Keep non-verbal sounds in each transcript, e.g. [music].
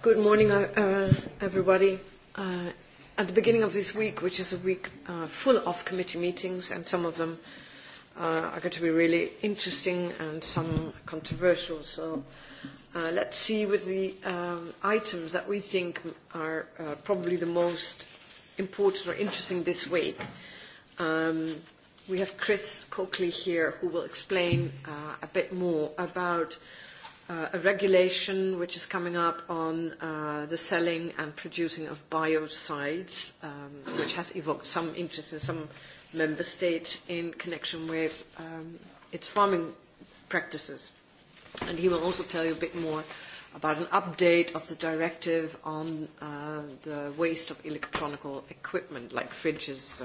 Good morning, uh, uh, everybody. Uh, at the beginning of this week, which is a week uh, full of committee meetings, and some of them uh, are going to be really interesting and some controversial. So uh, let's see with the um, items that we think are uh, probably the most important or interesting this week. Um, we have Chris Coakley here who will explain uh, a bit more about uh, uh, a regulation which is coming up on uh, the selling and producing of biocides, um, which has evoked some interest in some member states in connection with um, its farming practices. And he will also tell you a bit more about an update of the directive on uh, the waste of electronic equipment like fridges uh,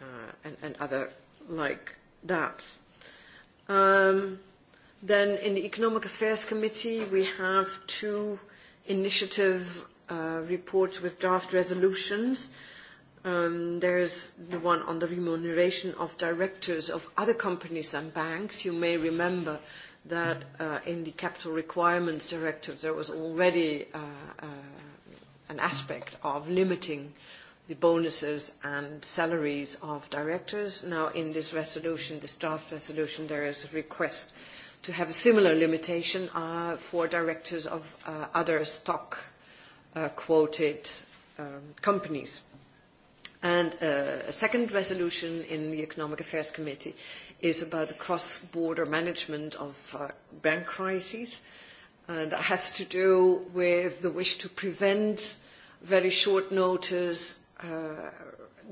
uh, and, and other like that. Um, Then in the Economic Affairs Committee, we have two initiative uh, reports with draft resolutions. Um, there's the one on the remuneration of directors of other companies and banks. You may remember that uh, in the Capital Requirements Directive, there was already uh, uh, an aspect of limiting the bonuses and salaries of directors. Now, in this resolution, this draft resolution, there is a request uh, to have a similar limitation uh, for directors of uh, other stock uh, quoted um, companies. And uh, a second resolution in the Economic Affairs Committee is about the cross-border management of uh, bank crises. Uh, that has to do with the wish to prevent very short notice uh,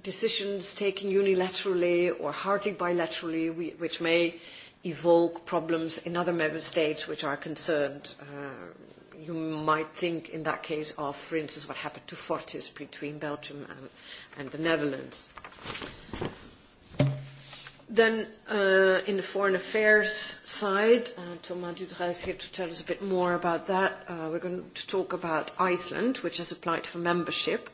decisions taken unilaterally or hardly bilaterally, we, which may uh, evoke problems in other member states which are concerned. Uh, you might think in that case of, for instance, what happened to Fortis between Belgium and, and the Netherlands. Then uh, in the foreign affairs side, uh, Thomas Dudra is here to tell us a bit more about that. Uh, we're going to talk about Iceland, which has applied for membership,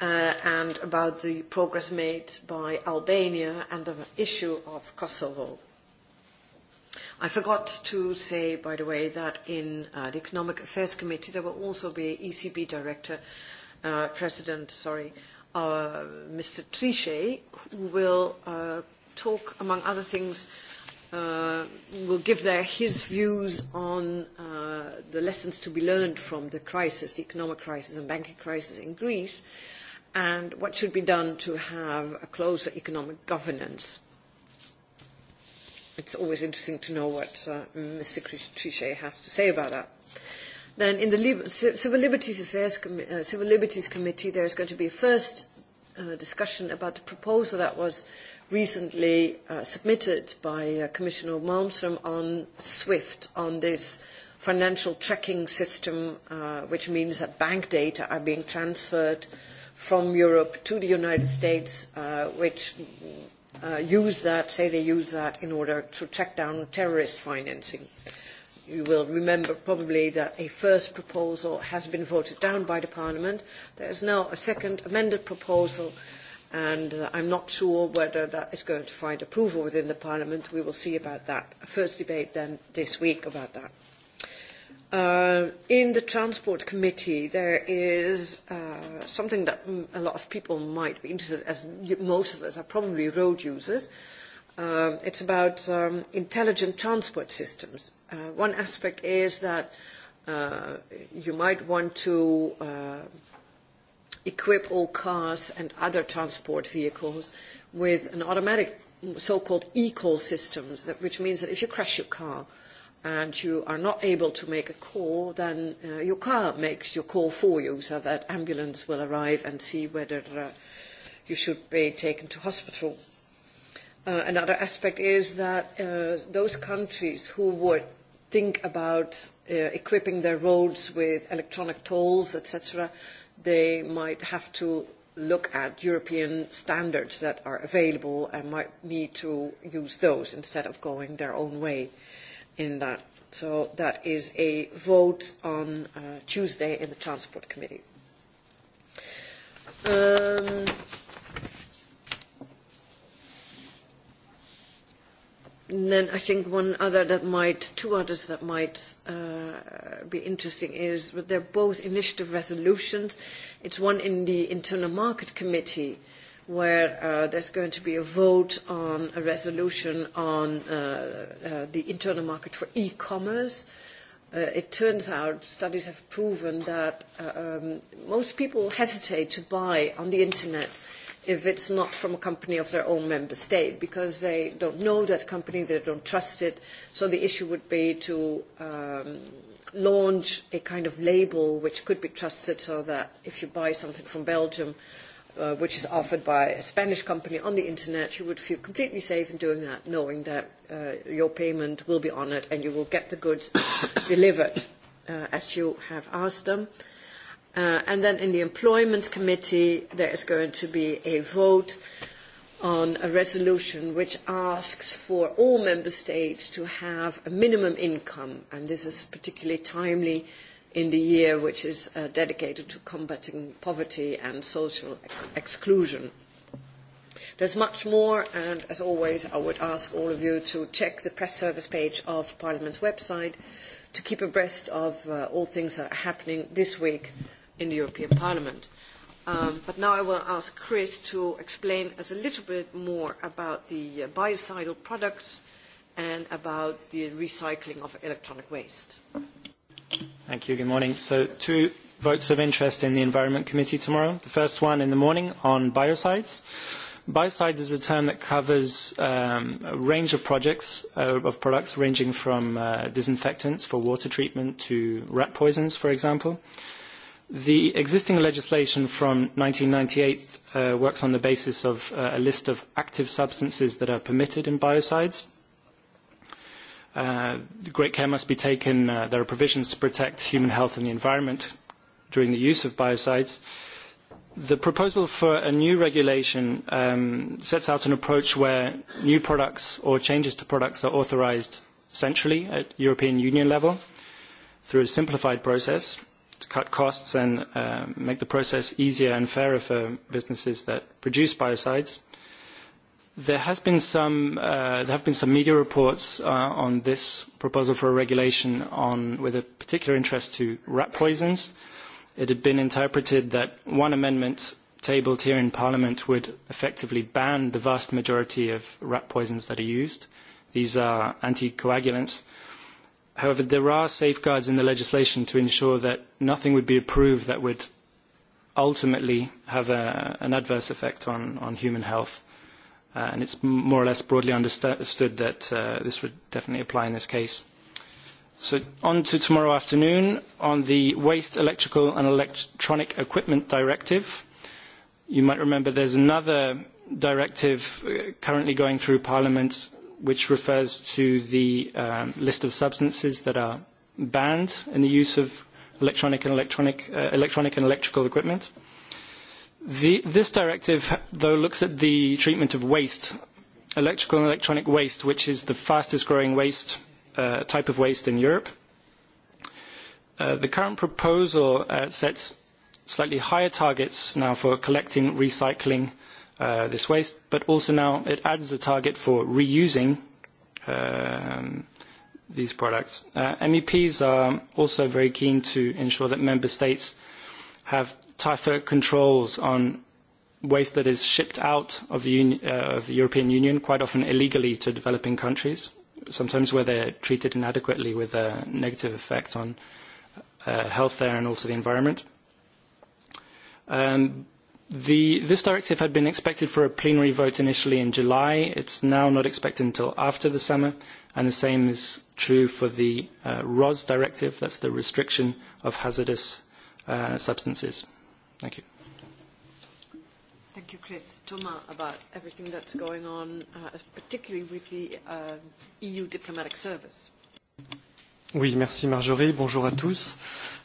uh, and about the progress made by Albania and the issue of Kosovo. I forgot to say, by the way, that in uh, the Economic Affairs Committee there will also be ECB Director, uh, President, sorry, uh, Mr. Trichet, who will uh, talk, among other things, uh, will give there his views on uh, the lessons to be learned from the crisis, the economic crisis and banking crisis in Greece, and what should be done to have a closer economic governance it's always interesting to know what uh, Mr. Trichet has to say about that. Then in the Lib- Civil Liberties Affairs Com- uh, Civil Liberties Committee, there's going to be a first uh, discussion about the proposal that was recently uh, submitted by uh, Commissioner Malmström on SWIFT, on this financial tracking system, uh, which means that bank data are being transferred from Europe to the United States, uh, which uh, use that, say they use that in order to track down terrorist financing. You will remember probably that a first proposal has been voted down by the Parliament. There is now a second amended proposal, and uh, I'm not sure whether that is going to find approval within the Parliament. We will see about that. A first debate then this week about that. Uh, in the Transport Committee, there is uh, something that a lot of people might be interested in, as most of us are probably road users. Uh, it's about um, intelligent transport systems. Uh, one aspect is that uh, you might want to uh, equip all cars and other transport vehicles with an automatic so-called e-call systems, that, which means that if you crash your car, uh, and you are not able to make a call, then uh, your car makes your call for you, so that ambulance will arrive and see whether uh, you should be taken to hospital. Uh, another aspect is that uh, those countries who would think about uh, equipping their roads with electronic tolls, etc., they might have to look at European standards that are available and might need to use those instead of going their own way. Uh, in that. So that is a vote on uh, Tuesday in the Transport Committee. Um, And then I think one other that might, two others that might uh, be interesting is, but they're both initiative resolutions. It's one in the Internal Market Committee uh, where uh, there's going to be a vote on a resolution on uh, uh, the internal market for e-commerce. Uh, it turns out studies have proven that uh, um, most people hesitate to buy on the internet if it's not from a company of their own member state because they don't know that company, they don't trust it. So the issue would be to um, launch a kind of label which could be trusted so that if you buy something from Belgium, uh, uh, which is offered by a Spanish company on the internet, you would feel completely safe in doing that, knowing that uh, your payment will be honored and you will get the goods [coughs] delivered uh, as you have asked them. Uh, and then in the employment committee, there is going to be a vote on a resolution which asks for all member states to have a minimum income, and this is particularly timely uh, in the year which is uh, dedicated to combating poverty and social ex exclusion. There's much more, and as always, I would ask all of you to check the press service page of Parliament's website to keep abreast of uh, all things that are happening this week in the European Parliament. Um, but now I will ask Chris to explain us a little bit more about the uh, biocidal products and about the recycling of electronic waste. Mm-hmm. Thank you. Good morning. So two votes of interest in the Environment Committee tomorrow. The first one in the morning on biocides. Biocides is a term that covers um, a range of projects uh, of products ranging from uh, disinfectants for water treatment to rat poisons, for example. The existing legislation from 1998 uh, works on the basis of uh, a list of active substances that are permitted in biocides Uh, great care must be taken. Uh, there are provisions to protect human health and the environment during the use of biocides. The proposal for a new regulation um, sets out an approach where new products or changes to products are authorized centrally at European Union level through a simplified process to cut costs and uh, make the process easier and fairer for businesses that produce biocides. Uh, There has been some uh, there have been some media reports uh, on this proposal for a regulation on with a particular interest to rat poisons. It had been interpreted that one amendment tabled here in Parliament would effectively ban the vast majority of rat poisons that are used. These are anticoagulants. However, there are safeguards in the legislation to ensure that nothing would be approved that would ultimately have a, uh, an adverse effect on, on human health. Uh, and it's more or less broadly understood that uh, this would definitely apply in this case. So on to tomorrow afternoon on the Waste Electrical and Electronic Equipment Directive. You might remember there's another directive uh, currently going through Parliament which refers to the um, list of substances that are banned in the use of electronic and electronic uh, electronic and electrical equipment. Uh, The, this directive, though, looks at the treatment of waste, electrical and electronic waste, which is the fastest growing waste uh, type of waste in Europe. Uh, the current proposal uh, sets slightly higher targets now for collecting, recycling uh, this waste, but also now it adds a target for reusing um, these products. Uh, MEPs are also very keen to ensure that member states have tougher controls on waste that is shipped out of the, uni- uh, of the European Union, quite often illegally to developing countries, sometimes where they're treated inadequately with a negative effect on uh, health there and also the environment. Um, the, this directive had been expected for a plenary vote initially in July. It's now not expected until after the summer, and the same is true for the uh, ROS directive, that's the restriction of hazardous uh, substances. Thank you. Thank you, Chris. Thomas, about everything that's going on, uh, particularly with the uh, EU diplomatic service. Oui, merci Marjorie. Bonjour à tous.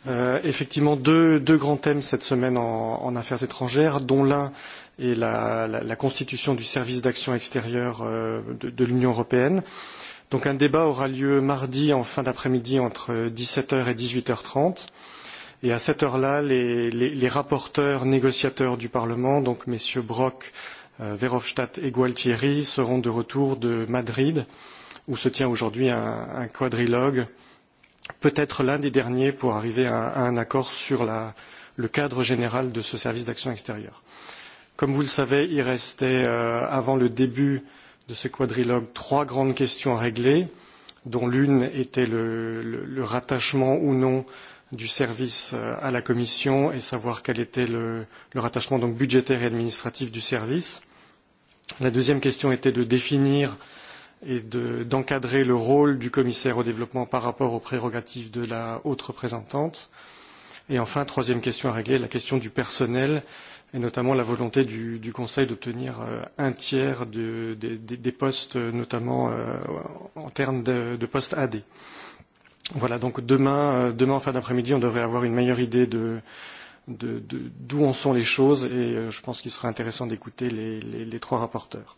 Euh, effectivement, deux, deux grands thèmes cette semaine en, en affaires étrangères, dont l'un est la, la, la constitution du service d'action extérieure euh, de, de l'Union européenne. Donc un débat aura lieu mardi en fin d'après-midi entre 17h et 18h30. Euh, Et à cette heure-là, les, les, les rapporteurs négociateurs du Parlement, donc messieurs Brock, euh, Verhofstadt et Gualtieri, seront de retour de Madrid, où se tient aujourd'hui un, un quadrilogue, peut-être l'un des derniers pour arriver à, à un accord sur la, le cadre général de ce service d'action extérieure. Comme vous le savez, il restait, euh, avant le début de ce quadrilogue, trois grandes questions à régler, dont l'une était le, le, le rattachement ou non euh, du service euh, à la Commission et savoir quel était le, le rattachement donc budgétaire et administratif du service. La deuxième question était de définir et d'encadrer de, le rôle du commissaire au développement par rapport aux prérogatives de la haute représentante. Et enfin, troisième question à régler, la question du personnel et notamment la volonté du, du Conseil d'obtenir euh, un tiers de, de, de, des postes, notamment euh, en termes de, de postes AD. Euh, Voilà, donc demain, euh, demain en fin d'après-midi, on devrait avoir une meilleure idée de d'où de, de, en sont les choses et euh, je pense qu'il sera intéressant d'écouter les, les, les trois rapporteurs.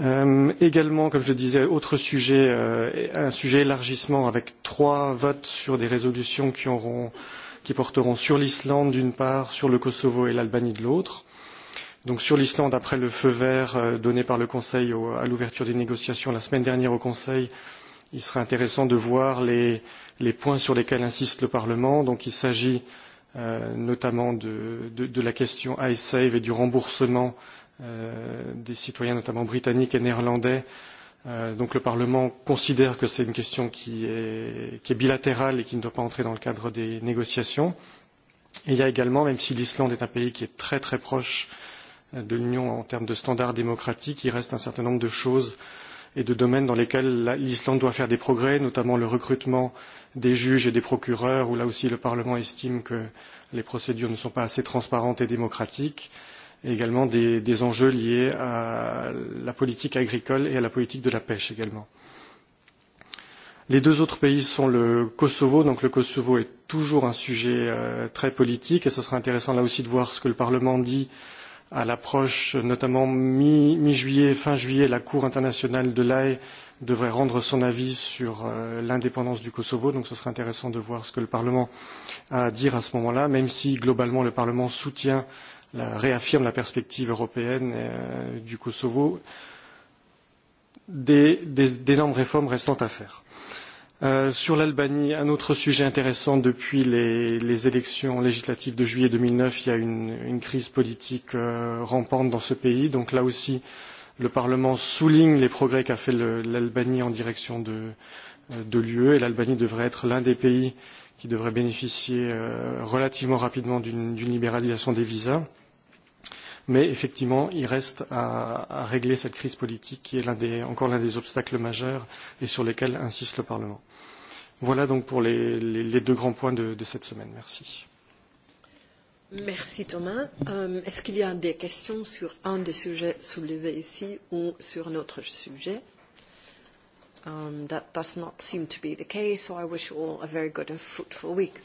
Euh, également, comme je disais, autre sujet, euh, un sujet élargissement avec trois votes sur des résolutions qui, auront, qui porteront sur l'Islande d'une part, sur le Kosovo et l'Albanie de l'autre. Donc sur l'Islande, après le feu vert euh, donné par le Conseil au, à l'ouverture des négociations la semaine dernière au Conseil, euh, il sera intéressant de voir les, les points sur lesquels insiste le Parlement. Donc il s'agit euh, notamment de, de, de la question iSave et du remboursement euh, des citoyens, notamment britanniques et néerlandais. Euh, donc le Parlement considère que c'est une question qui est, qui est bilatérale et qui ne doit pas entrer dans le cadre des négociations. Et il y a également, même si l'Islande est un pays qui est très très proche euh, de l'Union en termes de standards démocratiques, il reste un certain nombre de choses euh, et de domaines dans lesquels l'Islande doit faire des progrès, notamment le recrutement des juges et des procureurs, où là aussi le Parlement estime que les procédures ne sont pas assez transparentes et démocratiques, et également des, des enjeux liés à la politique agricole et à la politique de la pêche également. Les deux autres pays sont le Kosovo. Donc le Kosovo est toujours un sujet euh, très politique et ce sera intéressant là aussi de voir ce que le Parlement dit à l'approche notamment mi-juillet, mi fin juillet, la Cour internationale de l'AE devrait rendre son avis sur euh, l'indépendance du Kosovo, donc ce serait intéressant de voir ce que le Parlement a à dire à ce moment-là, même si globalement le Parlement soutient, la, réaffirme la perspective européenne euh, du Kosovo, d'énormes des, des réformes restant à faire. Euh, Euh, sur l'Albanie, un autre sujet intéressant depuis les, les élections législatives de juillet 2009, il y a une, une crise politique euh, rampante dans ce pays. Donc là aussi, le Parlement souligne les progrès qu'a fait l'Albanie en direction de, euh, de l'UE et l'Albanie devrait être l'un des pays qui devrait bénéficier euh, relativement rapidement d'une libéralisation des visas. Euh, Mais effectivement, il reste à, à régler cette crise politique qui est l'un des, encore l'un des obstacles majeurs et sur lesquels insiste le Parlement. Voilà donc pour les, les, les deux grands points de, de cette semaine. Merci. Merci Thomas. Euh, Est-ce qu'il y a des questions sur un des sujets soulevés ici ou sur un autre sujet um, That does not seem to be the case, so I wish you all a very good and fruitful week.